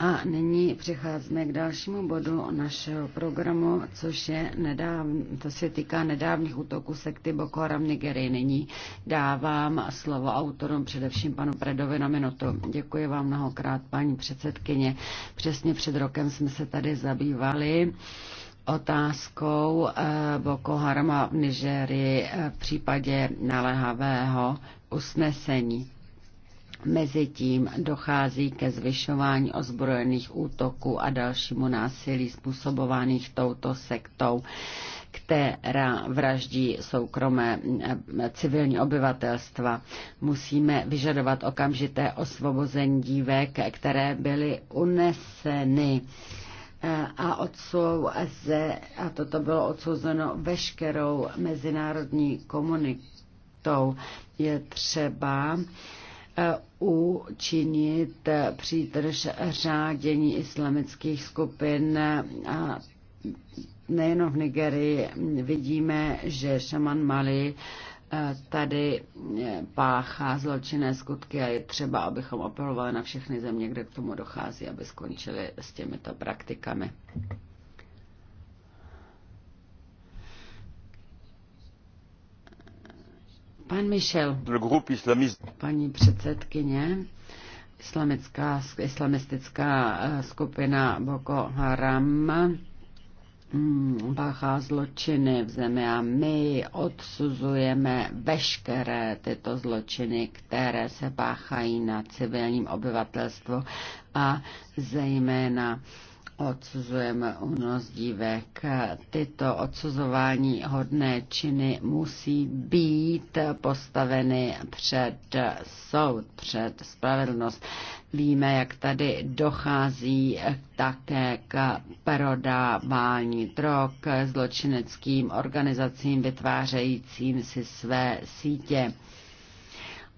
A nyní přecházíme k dalšímu bodu našeho programu, což je nedáv... to se týká nedávných útoků sekty Boko Haram Nigerii. Nyní dávám slovo autorům, především panu Predovi na minutu. Děkuji vám mnohokrát, paní předsedkyně. Přesně před rokem jsme se tady zabývali otázkou eh, Boko Harama v Nigerii eh, v případě naléhavého usnesení. Mezitím dochází ke zvyšování ozbrojených útoků a dalšímu násilí způsobovaných touto sektou, která vraždí soukromé eh, civilní obyvatelstva. Musíme vyžadovat okamžité osvobození dívek, které byly uneseny eh, a, odsou, a toto bylo odsouzeno veškerou mezinárodní komunitou. Je třeba učinit přítrž řádění islamických skupin a nejenom v Nigerii vidíme, že šaman Mali eh, tady eh, páchá zločinné skutky a je třeba, abychom apelovali na všechny země, kde k tomu dochází, aby skončili s těmito praktikami. Pan Michel, paní předsedkyně, islamická, islamistická eh, skupina Boko Haram mm, páchá zločiny v zemi a my odsuzujeme veškeré tyto zločiny, které se páchají na civilním obyvatelstvu a zejména odsuzujeme u nás dívek. Tyto odsuzování hodné činy musí být postaveny před soud, před spravedlnost. Víme, jak tady dochází také k prodávání drog zločineckým organizacím vytvářejícím si své sítě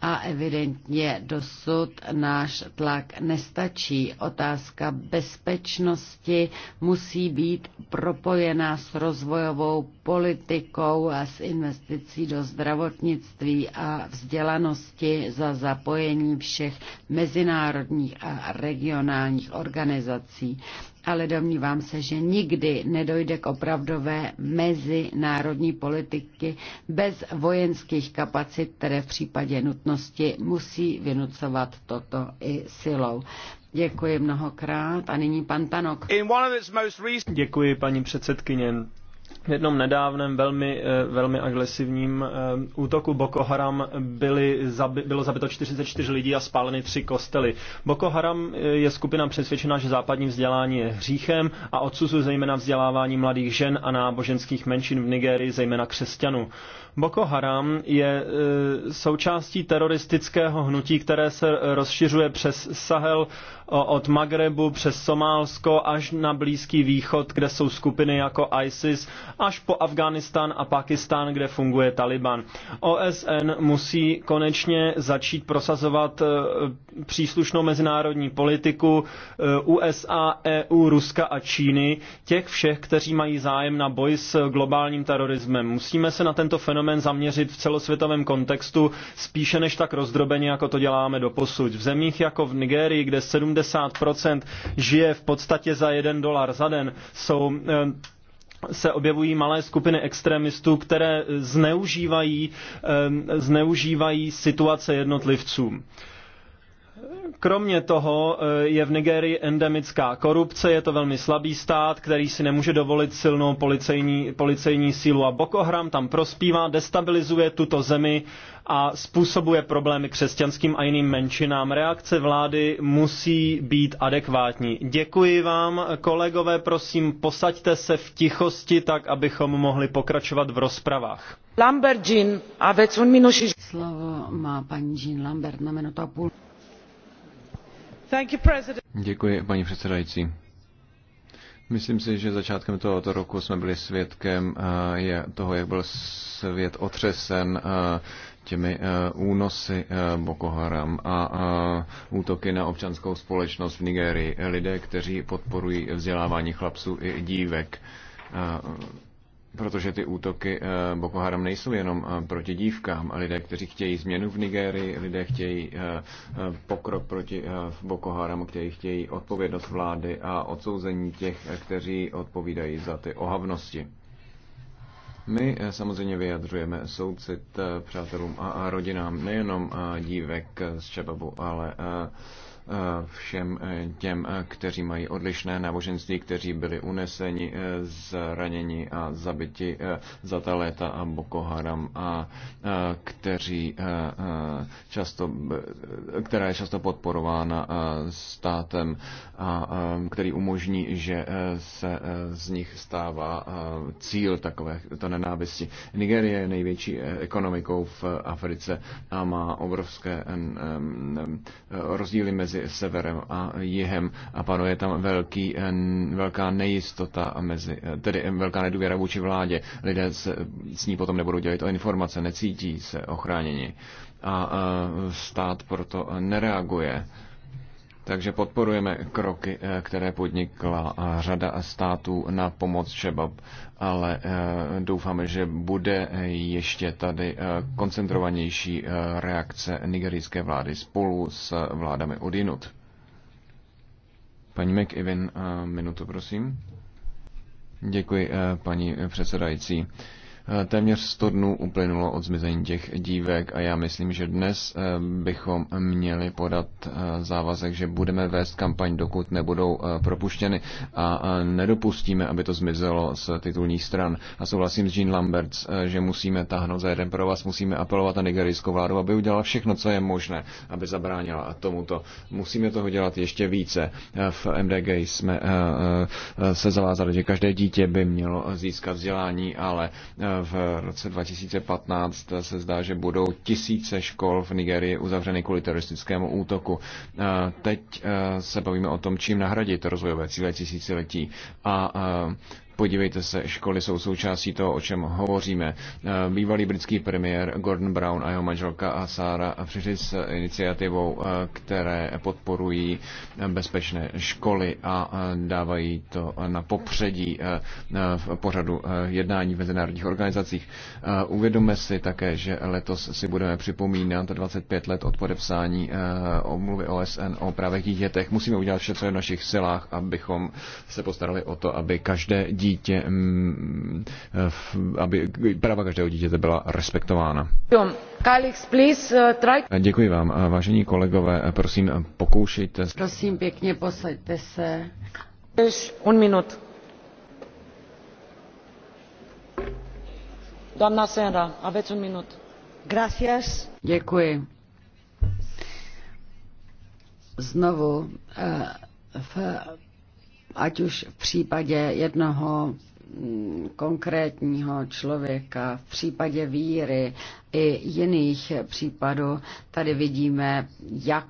a evidentně dosud náš tlak nestačí. Otázka bezpečnosti musí být propojená s rozvojovou politikou a s investicí do zdravotnictví a vzdělanosti za zapojení všech mezinárodních a regionálních organizací ale domnívám se, že nikdy nedojde k opravdové mezinárodní politiky bez vojenských kapacit, které v případě nutnosti musí vynucovat toto i silou. Děkuji mnohokrát a nyní pan Tanok. Děkuji paní předsedkyně jednom nedávném velmi, eh, velmi agresivním eh, útoku Boko Haram byly, bylo zabito 44 lidí a spáleny tři kostely. Boko Haram eh, je skupina přesvědčená, že západní vzdělání je hříchem a odsuzuje zejména vzdělávání mladých žen a náboženských menšin v Nigérii, zejména křesťanů. Boko Haram je e, součástí teroristického hnutí, které se rozšiřuje přes Sahel od Magrebu přes Somálsko až na Blízký východ, kde jsou skupiny jako ISIS, až po Afghánistán a Pakistán, kde funguje Taliban. OSN musí konečně začít prosazovat e, příslušnou mezinárodní politiku e, USA, EU, Ruska a Číny, těch všech, kteří mají zájem na boj s globálním terorismem. Musíme se na tento fenomén fenomén zaměřit v celosvětovém kontextu spíše než tak rozdrobeně, jako to děláme do posud. V zemích jako v Nigerii, kde 70% žije v podstatě za jeden dolar za den, jsou eh, se objevují malé skupiny extremistů, které zneužívají, eh, zneužívají situace jednotlivcům. Kromě toho eh, je v Nigerii endemická korupce, je to velmi slabý stát, který si nemůže dovolit silnou policejní, policejní sílu a Boko Haram tam prospívá, destabilizuje tuto zemi a způsobuje problémy křesťanským a jiným menšinám. Reakce vlády musí být adekvátní. Děkuji vám, kolegové, prosím, posaďte se v tichosti, tak abychom mohli pokračovat v rozpravách. Lambert, Jean, aveți un minut Slovo má paní Jean Lambert na minutu a půl. Děkuji, paní předsedající. Myslím si, že začátkem tohoto roku jsme byli svědkem eh, toho, jak byl svět otřesen eh, těmi eh, únosy Boko Haram a útoky na občanskou společnost v Nigérii. Lidé, kteří podporují vzdělávání chlapců i dívek Protože ty útoky eh, Boko Haram nejsou jenom eh, proti dívkám. Lidé, kteří chtějí změnu v Nigérii, lidé chtějí eh, pokrok proti Boko Haramu, kteří chtějí odpovědnost vlády a odsouzení těch, kteří odpovídají za ty ohavnosti. My samozřejmě vyjadřujeme soucit přátelům a rodinám nejenom dívek z Čebabu, ale všem eh, těm, eh, kteří mají odlišné náboženství, kteří byli uneseni, eh, zraněni a zabiti za ta léta a Boko Haram a kteří často, která je často podporována státem a který umožní, že se z nich stává cíl takové to nenávisti. Nigerie je největší ekonomikou v Africe a má obrovské rozdíly mezi mezi severem a jihem a panuje tam velký, eh, velká nejistota, mezi, eh, tedy eh, velká nedůvěra vůči vládě. Lidé s, s ní potom nebudou dělit o informace, necítí se ochráněni a stát proto nereaguje takže podporujeme kroky, eh, které podnikla eh, řada států na pomoc Šebab, ale eh, doufáme, že bude ještě tady koncentrovanější reakce nigerijské vlády spolu s vládami odinut. Paní McIvin, minutu prosím. Děkuji, paní předsedající. Eh, téměř 100 dnů uplynulo od zmizení těch dívek a já myslím, že dnes eh, bychom měli podat eh, závazek, že budeme vést kampaň, dokud nebudou propuštěny a nedopustíme, aby to zmizelo z titulních stran. A souhlasím s Jean Lamberts, že musíme tahnout za jeden pro vás, musíme apelovat na nigerijskou vládu, aby udělala všechno, co je možné, aby zabránila tomuto. Musíme toho dělat ještě více. V MDG jsme se zavázali, že každé dítě by mělo získat vzdělání, ale v roce 2015 se zdá, že budou tisíce škol v Nigerii uzavřeny kvůli teroristickému útoku. Teď eh, se bavíme o tom, čím nahradit rozvojové cíle tisíciletí. A eh, Podívejte se, školy jsou součástí toho, o čem hovoříme. Eh, Bývalý britský premiér Gordon Brown a jeho manželka a Sara přišli s iniciativou, eh, které podporují eh, bezpečné školy a dávají to na popředí v pořadu jednání v mezinárodních organizacích. Uvědomme si také, že letos si budeme připomínat 25 let od podepsání omluvy OSN o právech dítětech. Musíme udělat vše, co je v našich silách, abychom se postarali o to, aby každé dítě dítě, mm, aby práva každého dítěte byla respektována. Eh, Děkuji vám, eh, vážení kolegové, eh, prosím, pokoušejte. se Prosím, pěkně posaďte se. Un minut. Doamna Senra, aveți un minut. Gracias. Děkuji. Znovu v ať už v případě jednoho mm, konkrétního člověka, v případě víry i jiných případů, tady vidíme, jak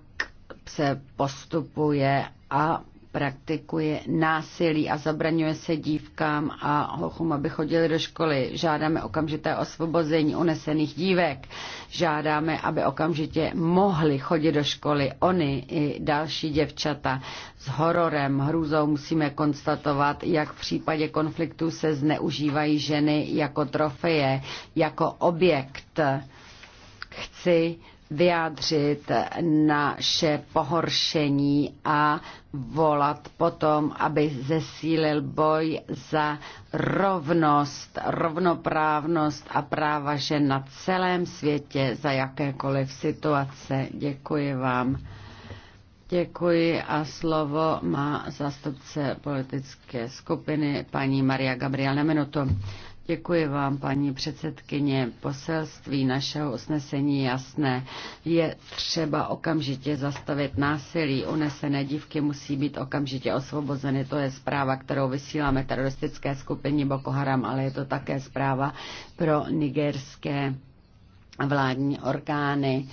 se postupuje a praktikuje násilí a zabraňuje se dívkám a hochům, aby chodili do školy. Žádáme okamžité osvobození unesených dívek. Žádáme, aby okamžitě mohli chodit do školy. Oni i další děvčata. S hororem, hrůzou musíme konstatovat, jak v případě konfliktu se zneužívají ženy jako trofeje, jako objekt. Chci vyjádřit naše pohoršení a volat potom, aby zesílil boj za rovnost, rovnoprávnost a práva žen na celém světě za jakékoliv situace. Děkuji vám. Děkuji a slovo má zástupce politické skupiny paní Maria Gabriel na minutu. Děkuji vám, paní předsedkyně. Poselství našeho usnesení jasné. Je třeba okamžitě zastavit násilí. Unesené dívky musí být okamžitě osvobozeny. To je zpráva, kterou vysíláme teroristické skupině Boko Haram, ale je to také zpráva pro nigerské vládní orgány,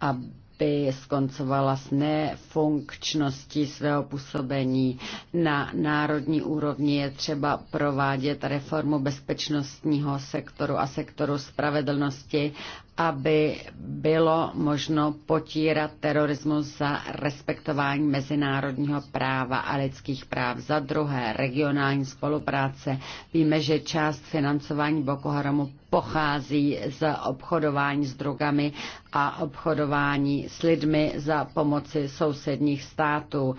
A by skoncovala s nefunkčností svého působení. Na národní úrovni je třeba provádět reformu bezpečnostního sektoru a sektoru spravedlnosti aby bylo možno potírat terorismus za respektování mezinárodního práva a lidských práv. Za druhé, regionální spolupráce. Víme, že část financování Boko Haramu pochází z obchodování s drogami a obchodování s lidmi za pomoci sousedních států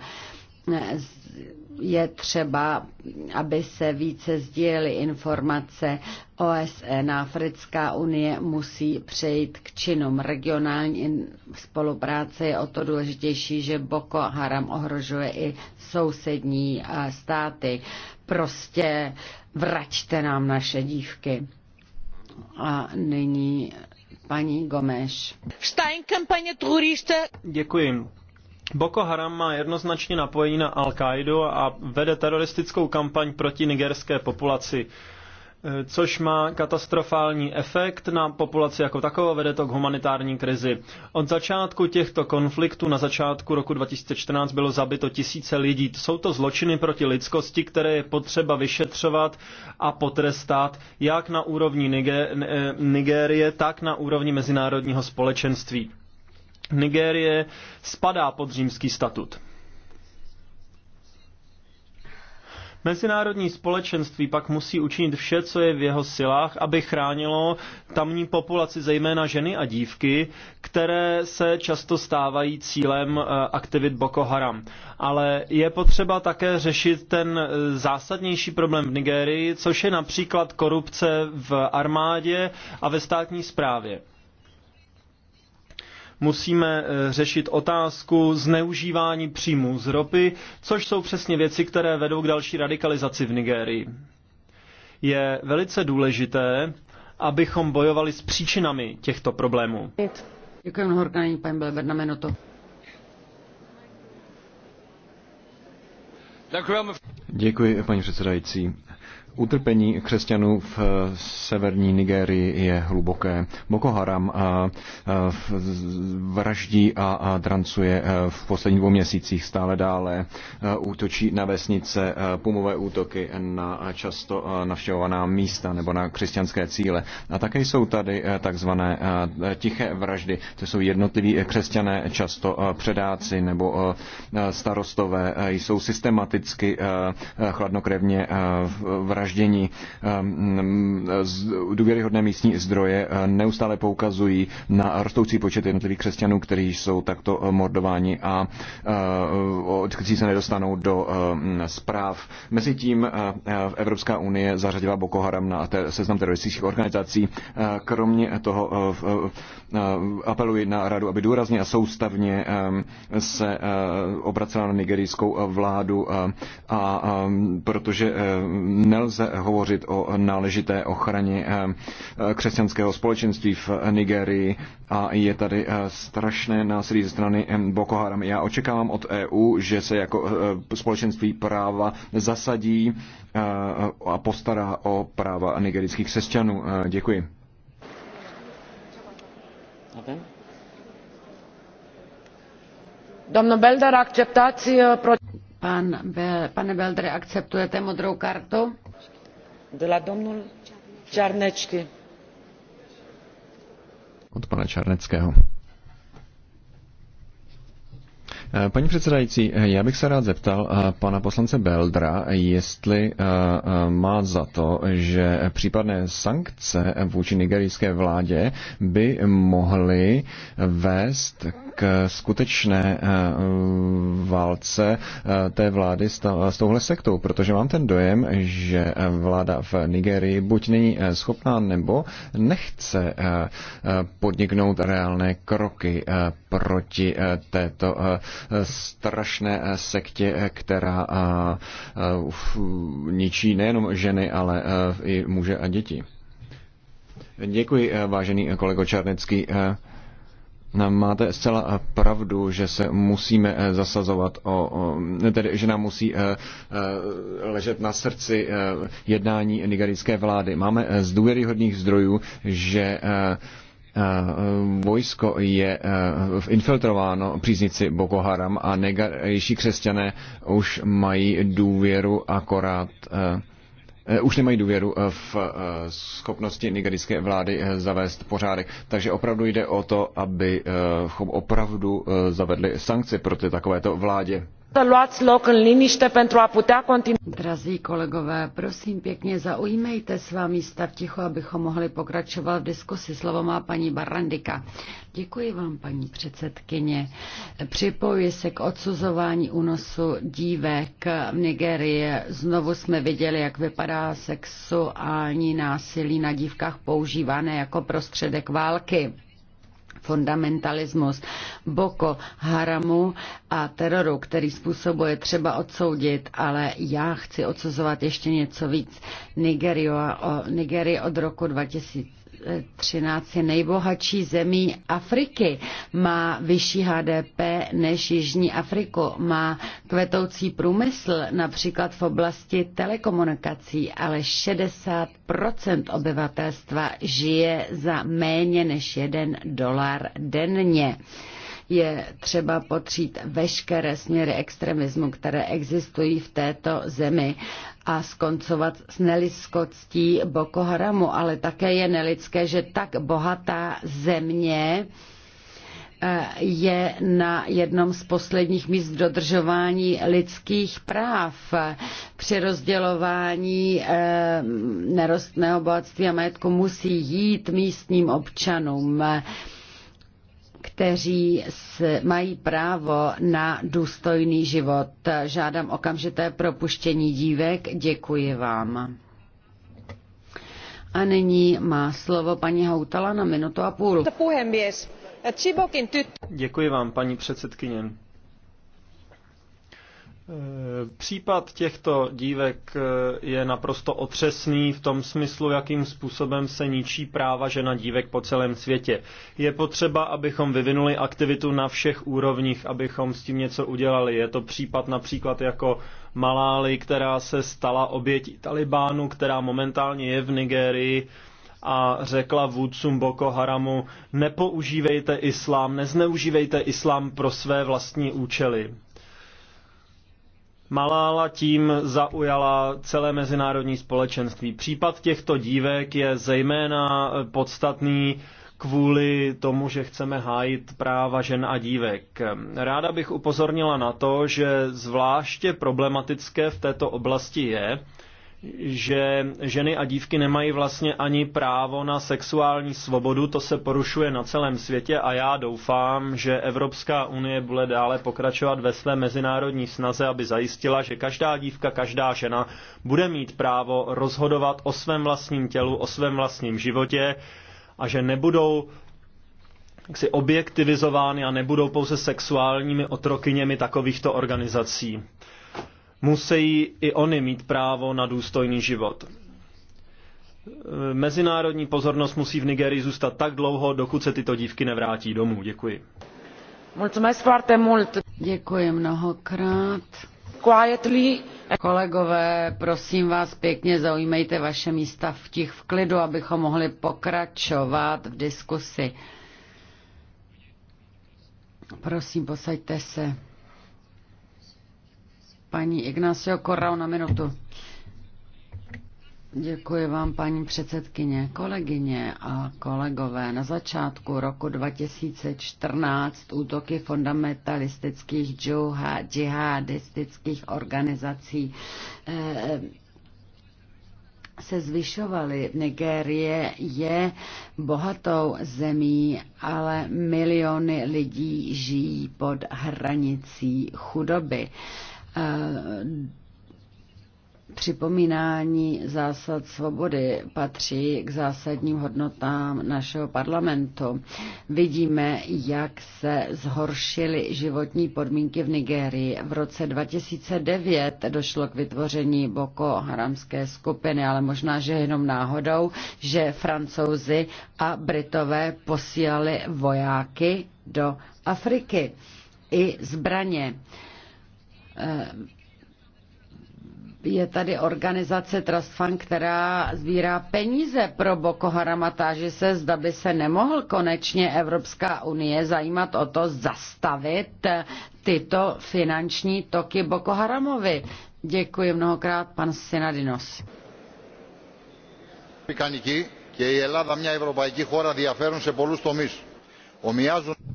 je třeba, aby se více sdíjely informace. OSN e Africká unie musí přejít k činům. Regionální spolupráce je o to důležitější, že Boko Haram ohrožuje i sousední eh, státy. Prostě vraťte nám naše dívky. A nyní paní Gomeš. Stein kampaně turista. Děkuji Boko Haram má jednoznačně napojení na al káidu a vede teroristickou kampaň proti nigerské populaci, eh, což má katastrofální efekt na populaci jako takovou, vede to k humanitární krizi. Od začátku těchto konfliktů na začátku roku 2014 bylo zabito tisíce lidí. Jsou to zločiny proti lidskosti, které je potřeba vyšetřovat a potrestat jak na úrovni eh, Nigérie, tak na úrovni mezinárodního společenství. Nigérie spadá pod římský statut. Mezinárodní společenství pak musí učinit vše, co je v jeho silách, aby chránilo tamní populaci, zejména ženy a dívky, které se často stávají cílem eh, aktivit Boko Haram. Ale je potřeba také řešit ten eh, zásadnější problém v Nigérii, což je například korupce v armádě a ve státní správě musíme eh, řešit otázku zneužívání příjmů z ropy, což jsou přesně věci, které vedou k další radikalizaci v Nigérii. Je velice důležité, abychom bojovali s příčinami těchto problémů. Děkuji mnohokrát, paní Bleber, na minutu. Děkuji, paní předsedající. Utrpení křesťanů v eh, severní Nigérii je hluboké. Boko Haram eh, eh, vraždí a drancuje v posledních dvou měsících stále dále. Útočí na vesnice, pumové útoky na často navštěvovaná místa nebo na křesťanské cíle. A také jsou tady takzvané tiché vraždy. To jsou jednotliví křesťané, často předáci nebo starostové. Jsou systematicky chladnokrevně vražděni vraždění. Ehm, důvěryhodné místní zdroje eh, neustále poukazují na rostoucí počet jednotlivých křesťanů, kteří jsou takto eh, mordováni a eh, odkud se nedostanou do ehm, zpráv. Mezitím Evropská unie zařadila Boko Haram na seznam teroristických organizací. Kromě toho apeluji na radu, aby důrazně a soustavně ehm, se obracela na nigerijskou vládu, a protože nelze lze hovořit o náležité ochraně eh, křesťanského společenství v Nigerii a je tady eh, strašné násilí ze strany eh, Boko Haram. Já očekávám od EU, že se jako společenství práva zasadí a postará o práva nigerických křesťanů. Děkuji. Domnul Belder, acceptați... Pan Be- pane Beldre, akceptujete modrou kartu? De la domnul Čarnečky. Od pana Čarneckého. Eh, paní předsedající, eh, já bych se rád zeptal eh, pana poslance Beldra, jestli má za to, že případné sankce vůči nigerijské vládě by mohly vést k skutečné válce té vlády s touhle sektou, protože mám ten dojem, že vláda v Nigerii buď není schopná nebo nechce podniknout reálné kroky proti této strašné eh, sektě, eh, která eh, ničí nejenom ženy, ale i muže a děti. Děkuji, vážený kolego Čarnecký. Máte zcela pravdu, že se musíme zasazovat o, o tedy, že nám musí ležet na srdci jednání nigerijské vlády. Máme z důvěryhodných zdrojů, že Eh, vojsko je eh, infiltrováno příznici Boko Haram a negarejší křesťané už mají důvěru akorát eh, už nemají důvěru v schopnosti nigerijské vlády zavést pořádek. Takže opravdu jde o to, aby opravdu zavedli sankce proti takovéto vládě luați loc în liniște pentru a putea continua. Drazí kolegové, prosím pěkně, zaujmejte svá místa v tichu, abychom mohli pokračovat v diskusi. Slovo má paní Barandika. Děkuji vám, paní předsedkyně. Připojuji se k odsuzování únosu dívek v Nigerii. Znovu jsme viděli, jak vypadá sexuální násilí na dívkách používané jako prostředek války fundamentalismus Boko Haramu a teroru, který způsobuje třeba odsoudit, ale já chci odsuzovat ještě něco víc. Nigerio, o, Nigerii od roku 2000 13 nejbohatší zemí Afriky. Má vyšší HDP než Jižní Afriku. Má kvetoucí průmysl, například v oblasti telekomunikací, ale 60 obyvatelstva žije za méně než jeden dolar denně. Je třeba potřít veškeré směry extremismu, které existují v této zemi a skoncovat s nelidskostí Boko Haramu, ale také je nelidské, že tak bohatá země eh, je na jednom z posledních míst v dodržování lidských práv při rozdělování eh, nerostného bohatství a majetku musí jít místním občanům kteří mají právo na důstojný život. Žádám okamžité propuštění dívek. Děkuji vám. A nyní má slovo paní Hautala na minutu a půl. Děkuji vám, paní předsedkyně Eh, případ těchto dívek eh, je naprosto otřesný v tom smyslu, jakým způsobem se ničí práva žena dívek po celém světě. Je potřeba, abychom vyvinuli aktivitu na všech úrovních, abychom s tím něco udělali. Je to případ například jako Malály, která se stala obětí Talibánu, která momentálně je v Nigérii a řekla vůdcům Boko Haramu, nepoužívejte islám, nezneužívejte islám pro své vlastní účely. Malála tím zaujala celé mezinárodní společenství. Případ těchto dívek je zejména podstatný kvůli tomu, že chceme hájit práva žen a dívek. Ráda bych upozornila na to, že zvláště problematické v této oblasti je, že ženy a dívky nemají vlastně ani právo na sexuální svobodu, to se porušuje na celém světě a já doufám, že Evropská unie bude dále pokračovat ve své mezinárodní snaze, aby zajistila, že každá dívka, každá žena bude mít právo rozhodovat o svém vlastním tělu, o svém vlastním životě a že nebudou jaksi objektivizovány a nebudou pouze sexuálními otrokyněmi takovýchto organizací musí i oni mít právo na důstojný život. Mezinárodní pozornost musí v Nigerii zůstat tak dlouho, dokud se tyto dívky nevrátí domů. Děkuji. Děkuji mnohokrát. Quietly. Kolegové, prosím vás pěkně, zaujmejte vaše místa v tich v klidu, abychom mohli pokračovat v diskusi. Prosím, posaďte se. Paní Ignacio Korau na minutu. Děkuji vám, paní předsedkyně, kolegyně a kolegové. Na začátku roku 2014 útoky fundamentalistických džihadistických organizací eh, se zvyšovaly. Nigérie je bohatou zemí, ale miliony lidí žijí pod hranicí chudoby. Eh, připomínání zásad svobody patří k zásadním hodnotám našeho parlamentu. Vidíme, jak se zhoršily životní podmínky v Nigérii. V roce 2009 došlo k vytvoření Boko Haramské skupiny, ale možná, že jenom náhodou, že francouzi a Britové posílali vojáky do Afriky i zbraně. Eh, je tady organizace Trust Fund, která sbírá peníze pro Boko Haram a táže se, zda by se nemohl konečně Evropská unie zajímat o to zastavit tyto finanční toky Boko Haramovi. Děkuji mnohokrát, pan Sinadinos.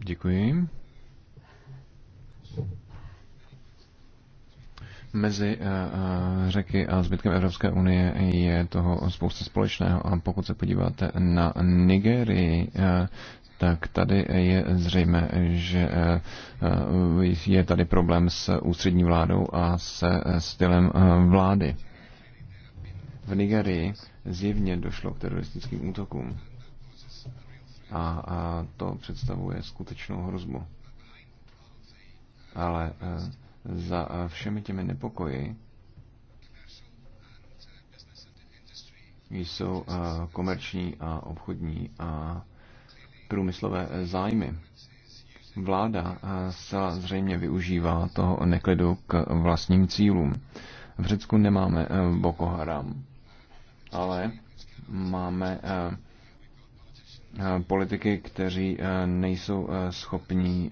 Děkuji. Mezi eh, eh, řeky a zbytkem Evropské unie je toho spousta společného a pokud se podíváte na Nigerii, eh, tak tady je zřejmé, že je tady problém s ústřední vládou a se stylem vlády. V Nigerii zjevně došlo k teroristickým útokům a, a to představuje skutečnou hrozbu. Ale za eh, všemi těmi nepokoji jsou eh, komerční a obchodní a průmyslové eh, zájmy. Vláda zcela zřejmě využívá toho neklidu k vlastním cílům. V Řecku nemáme Boko Haram, ale máme Eh, politiky, kteří eh, nejsou eh, schopní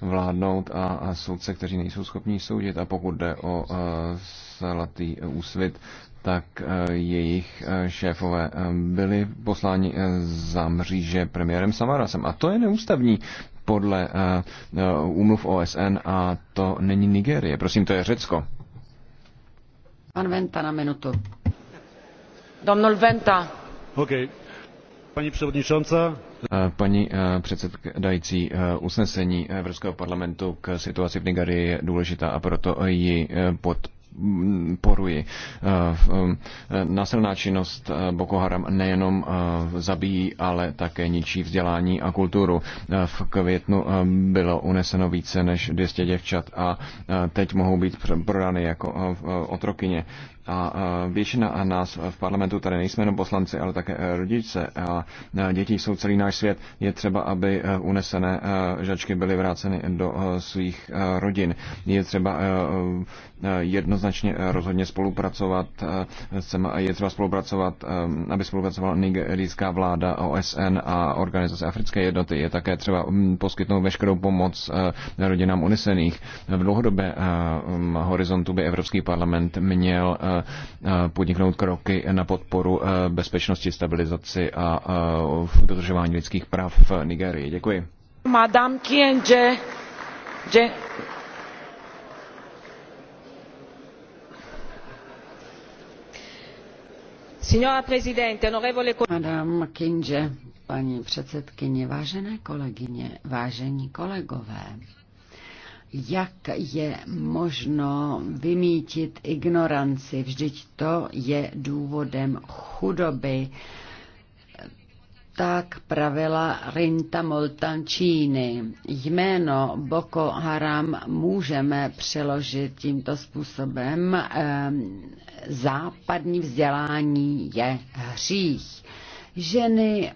vládnout a soudce, kteří nejsou schopní soudit. A pokud jde o zlatý úsvit, tak jejich šéfové byli posláni za mříže premiérem Samarasem. A to je neústavní podle úmluv OSN a to není Nigérie. Prosím, to je Řecko. Pan Venta na minutu. Domnul Venta. Okay. Paní předsedající, Paní předsedající, usnesení Evropského parlamentu k situaci v Nigerii je důležitá a proto ji e, pod poruji. Násilná činnost Boko Haram nejenom zabíjí, ale také ničí vzdělání a kulturu. V květnu bylo uneseno více než 200 děvčat a teď mohou být prodány jako otrokyně. A většina nás v parlamentu tady nejsme jenom poslanci, ale také e, rodiče a děti jsou celý náš svět. Je třeba, aby e, unesené e, žačky byly vráceny do svých rodin. Je třeba jednoznačně rozhodně spolupracovat, je třeba spolupracovat, aby spolupracovala nigerijská vláda, OSN a organizace Africké jednoty. Je také třeba poskytnout veškerou pomoc rodinám unesených. V dlouhodobé horizontu by Evropský parlament měl Eh, eh, podniknout kroky na podporu eh, bezpečnosti, stabilizaci a dodržování lidských práv v Nigerii. Děkuji. Madame Kienge. Signora Presidente, Madame Kinge, paní předsedkyně, vážené kolegyně, vážení kolegové jak je možno vymítit ignoranci. Vždyť to je důvodem chudoby. Tak pravila Rinta Moltančíny. Jméno Boko Haram můžeme přeložit tímto způsobem. Ehm, západní vzdělání je hřích Ženy,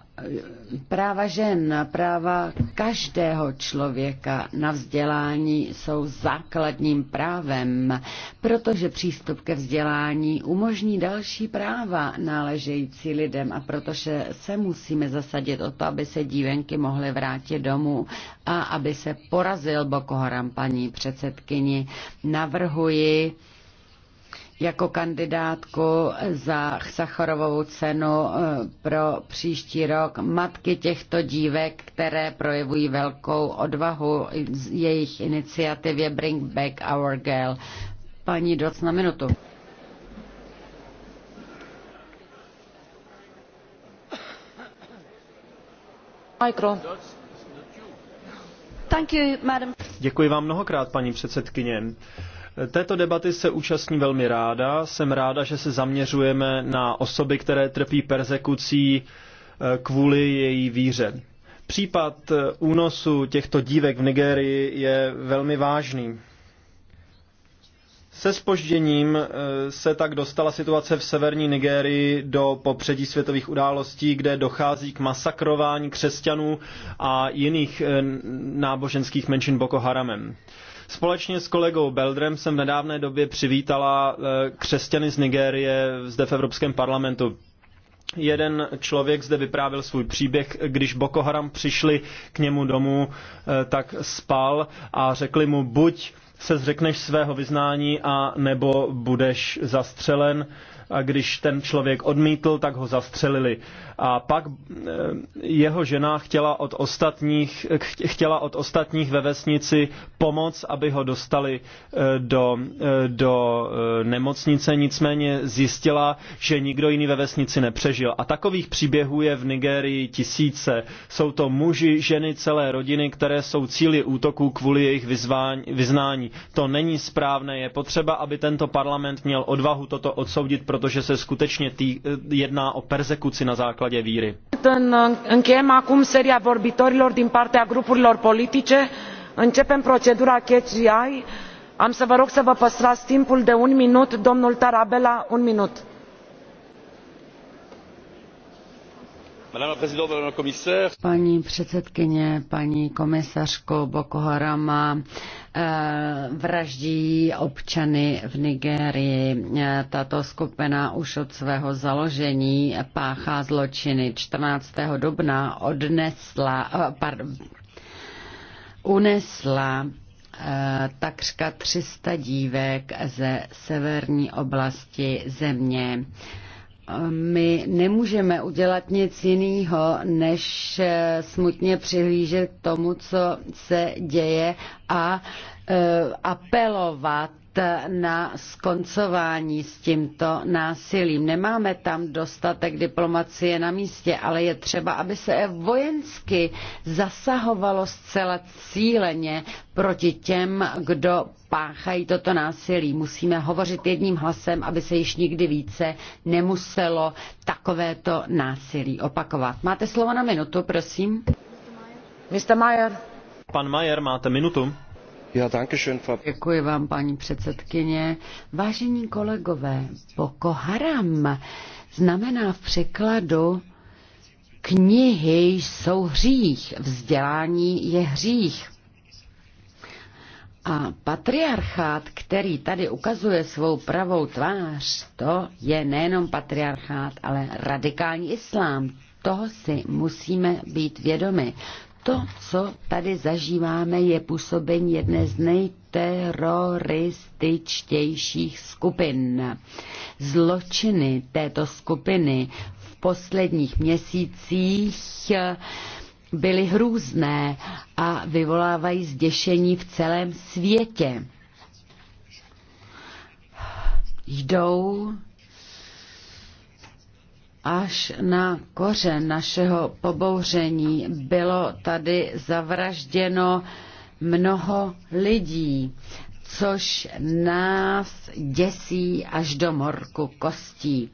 práva žen, práva každého člověka na vzdělání jsou základním právem, protože přístup ke vzdělání umožní další práva náležející lidem a protože se musíme zasadit o to, aby se dívenky mohly vrátit domů a aby se porazil Boko Haram paní předsedkyni. Navrhuji jako kandidátku za Sacharovou cenu eh, pro příští rok matky těchto dívek, které projevují velkou odvahu jejich iniciativě Bring Back Our Girl. Paní Doc na minutu. Micro. Děkuji vám mnohokrát, paní předsedkyně. Této debaty se účastní velmi ráda. Jsem ráda, že se zaměřujeme na osoby, které trpí persekucí eh, kvůli její víře. Případ eh, únosu těchto dívek v Nigerii je velmi vážný. Se spožděním eh, se tak dostala situace v severní Nigérii do popředí světových událostí, kde dochází k masakrování křesťanů a jiných náboženských menšin Boko Haramem. Společně s kolegou Beldrem jsem v nedávné době přivítala eh, křesťany z Nigérie zde v Evropském parlamentu. Jeden člověk zde vyprávěl svůj příběh, když Boko Haram přišli k němu domů, eh, tak spal a řekli mu buď se zřekneš svého vyznání a nebo budeš zastřelen a když ten člověk odmítl, tak ho zastřelili. A pak eh, jeho žena chtěla od ostatních, chtěla od ostatních ve vesnici pomoc, aby ho dostali eh, do, eh, do nemocnice, nicméně zjistila, že nikdo jiný ve vesnici nepřežil. A takových příběhů je v Nigérii tisíce. Jsou to muži, ženy, celé rodiny, které jsou cíly útoků kvůli jejich vyzvání, vyznání. To není správné. Je potřeba, aby tento parlament měl odvahu toto odsoudit, protože se skutečně tý, eh, jedná o persekuci na základě víry. Încheiem acum seria vorbitorilor din partea grupurilor politice. Începem procedura catch the eye. Am să vă rog să vă păstrați timpul de un minut. Domnul Tarabella, un minut Paní předsedkyně, paní komisařko Boko Harama eh, vraždí občany v Nigérii. Eh, tato skupina už od svého založení páchá zločiny. 14. dubna odnesla, eh, pardon, unesla takřka 300 dívek ze severní oblasti země my nemůžeme udělat nic jiného, než eh, smutně přihlížet k tomu, co se děje a eh, apelovat na skoncování s tímto násilím. Nemáme tam dostatek diplomacie na místě, ale je třeba, aby se vojensky zasahovalo zcela cíleně proti těm, kdo páchají toto násilí. Musíme hovořit jedním hlasem, aby se již nikdy více nemuselo takovéto násilí opakovat. Máte slovo na minutu, prosím. Mr. Mayer. Pan Mayer, máte minutu. Děkuji vám, paní předsedkyně. Vážení kolegové, Boko Haram znamená v překladu knihy jsou hřích, vzdělání je hřích. A patriarchát, který tady ukazuje svou pravou tvář, to je nejenom patriarchát, ale radikální islám. Toho si musíme být vědomi. To, co tady zažíváme, je působení jedné z nejterorističtějších skupin. Zločiny této skupiny v posledních měsících byly hrůzné a vyvolávají zděšení v celém světě. Jdou až na kořen našeho pobouření bylo tady zavražděno mnoho lidí, což nás děsí až do morku kostí.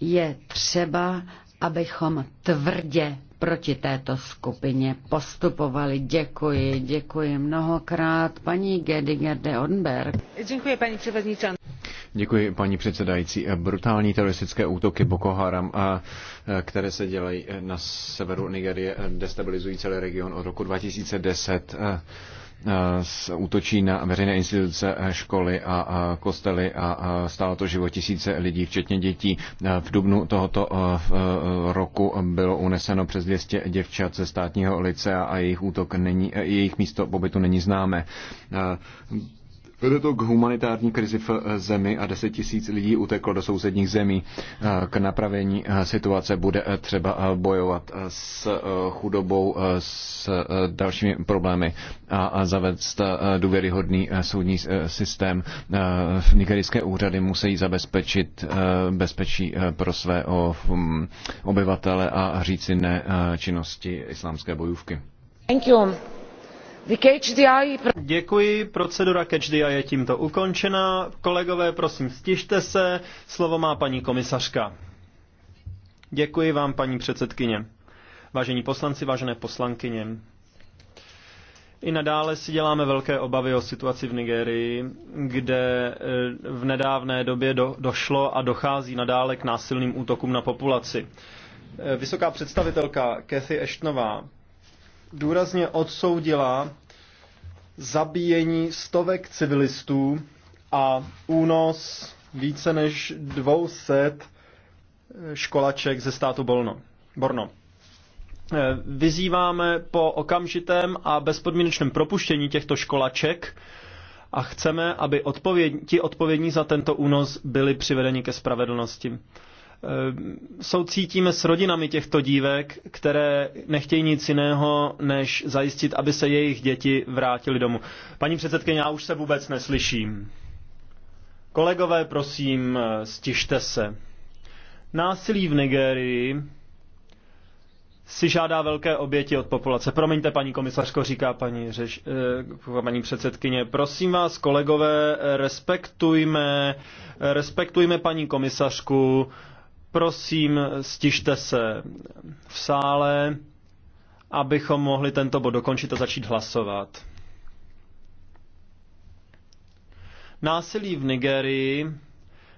Je třeba, abychom tvrdě proti této skupině postupovali. Děkuji, děkuji mnohokrát paní Gedigerde Odenberg. Děkuji, paní předsedající. Děkuji, paní předsedající. Brutální teroristické útoky Boko Haram, které se dělají na severu Nigerie, destabilizují celý region od roku 2010 S útočí na veřejné instituce, školy a kostely a stálo to život tisíce lidí, včetně dětí. V dubnu tohoto roku bylo uneseno přes 200 děvčat ze státního licea a jejich útok není, jejich místo pobytu není známé Vede to k humanitární krizi v eh, zemi a 10 tisíc lidí uteklo do sousedních zemí. Eh, k napravení eh, situace bude třeba bojovat s chudobou, s dalšími problémy a zavést důvěryhodný soudní systém. Nigerijské úřady musí zabezpečit bezpečí pro své mm, obyvatele a říci ne činnosti islámské bojůvky. Thank you. Děkuji, procedura Catch the Eye je tímto ukončena. Kolegové, prosím, stižte se. Slovo má paní komisařka. Děkuji vám, paní předsedkyně. Vážení poslanci, vážené poslankyně. I nadále si děláme velké obavy o situaci v Nigérii, kde eh, v nedávné době do, došlo a dochází nadále k násilným útokům na populaci. Eh, vysoká představitelka Kathy Ashtonová důrazně odsoudila zabíjení stovek civilistů a únos více než 200 eh, školaček ze státu Bolno, Borno. Eh, vyzýváme po okamžitém a bezpodmínečném propuštění těchto školaček a chceme, aby odpověd, ti odpovědní za tento únos byli přivedeni ke spravedlnosti. Ehm, soucítíme s rodinami těchto dívek, které nechtějí nic jiného, než zajistit, aby se jejich děti vrátili domů. Paní předsedkyně, já už se vůbec neslyším. Kolegové, prosím, stište se. Násilí v Nigerii si žádá velké oběti od populace. Promiňte, paní komisařko, říká paní, řeš, eh, paní předsedkyně. Prosím vás, kolegové, respektujme, respektujme paní komisařku. Eh, Prosím, stište se v sále, abychom mohli tento bod dokončit a začít hlasovat. Násilí v Nigerii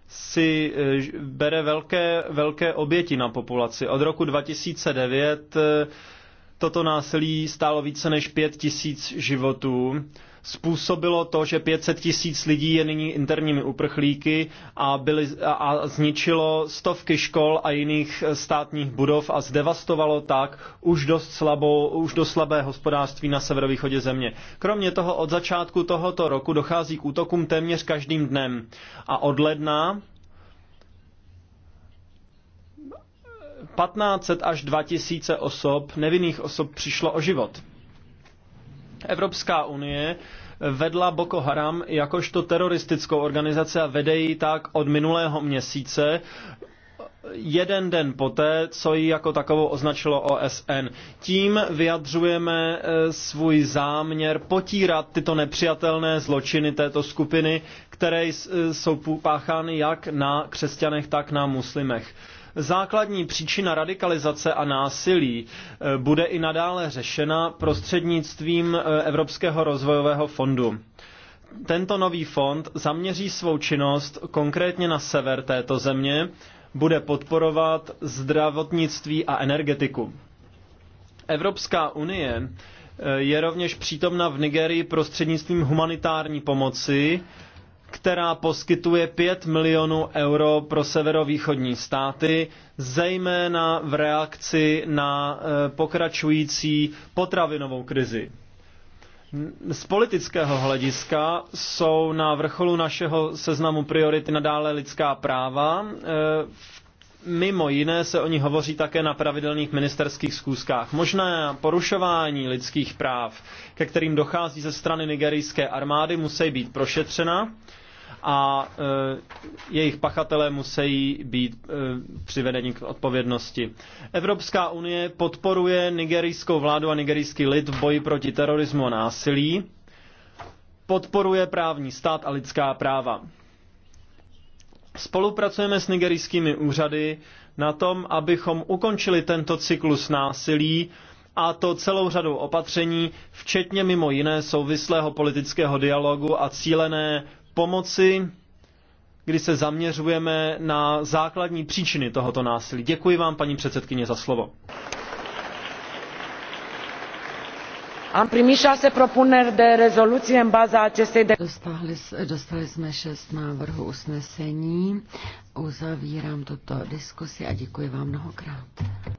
si eh, bere velké, velké oběti na populaci. Od roku 2009 eh, toto násilí stálo více než 5 tisíc životů způsobilo to, že 500 tisíc lidí je nyní interními uprchlíky a, byli, a zničilo stovky škol a jiných eh, státních budov a zdevastovalo tak už dost, slabou, už dost slabé hospodářství na severovýchodě země. Kromě toho od začátku tohoto roku dochází k útokům téměř každým dnem a od ledna 1500 až 2000 osob, nevinných osob, přišlo o život. Evropská unie vedla Boko Haram jakožto teroristickou organizaci a vede ji tak od minulého měsíce jeden den poté, co ji jako takovou označilo OSN. Tím vyjadřujeme eh, svůj záměr potírat tyto nepřijatelné zločiny této skupiny, které jsou páchány jak na křesťanech, tak na muslimech. Základní příčina radikalizace a násilí e, bude i nadále řešena prostřednictvím e, Evropského rozvojového fondu. Tento nový fond zaměří svou činnost konkrétně na sever této země, bude podporovat zdravotnictví a energetiku. Evropská unie e, je rovněž přítomna v Nigerii prostřednictvím humanitární pomoci, která poskytuje 5 milionů euro pro severovýchodní státy, zejména v reakci na eh, pokračující potravinovou krizi. Z politického hlediska jsou na vrcholu našeho seznamu priority nadále lidská práva. Eh, Mimo jiné se o ní hovoří také na pravidelných ministerských zkůzkách. Možné porušování lidských práv, ke kterým dochází ze strany nigerijské armády, musí být prošetřena a e, jejich pachatelé musí být e, přivedeni k odpovědnosti. Evropská unie podporuje nigerijskou vládu a nigerijský lid v boji proti terorismu a násilí, podporuje právní stát a lidská práva. Spolupracujeme s nigerijskými úřady na tom, abychom ukončili tento cyklus násilí, a to celou řadou opatření, včetně mimo jiné souvislého politického dialogu a cílené pomoci, kdy se zaměřujeme na základní příčiny tohoto násilí. Děkuji vám, paní předsedkyně, za slovo. de de... Dostali, dostali jsme šest návrhů usnesení. Uzavírám tuto diskusi a děkuji vám mnohokrát.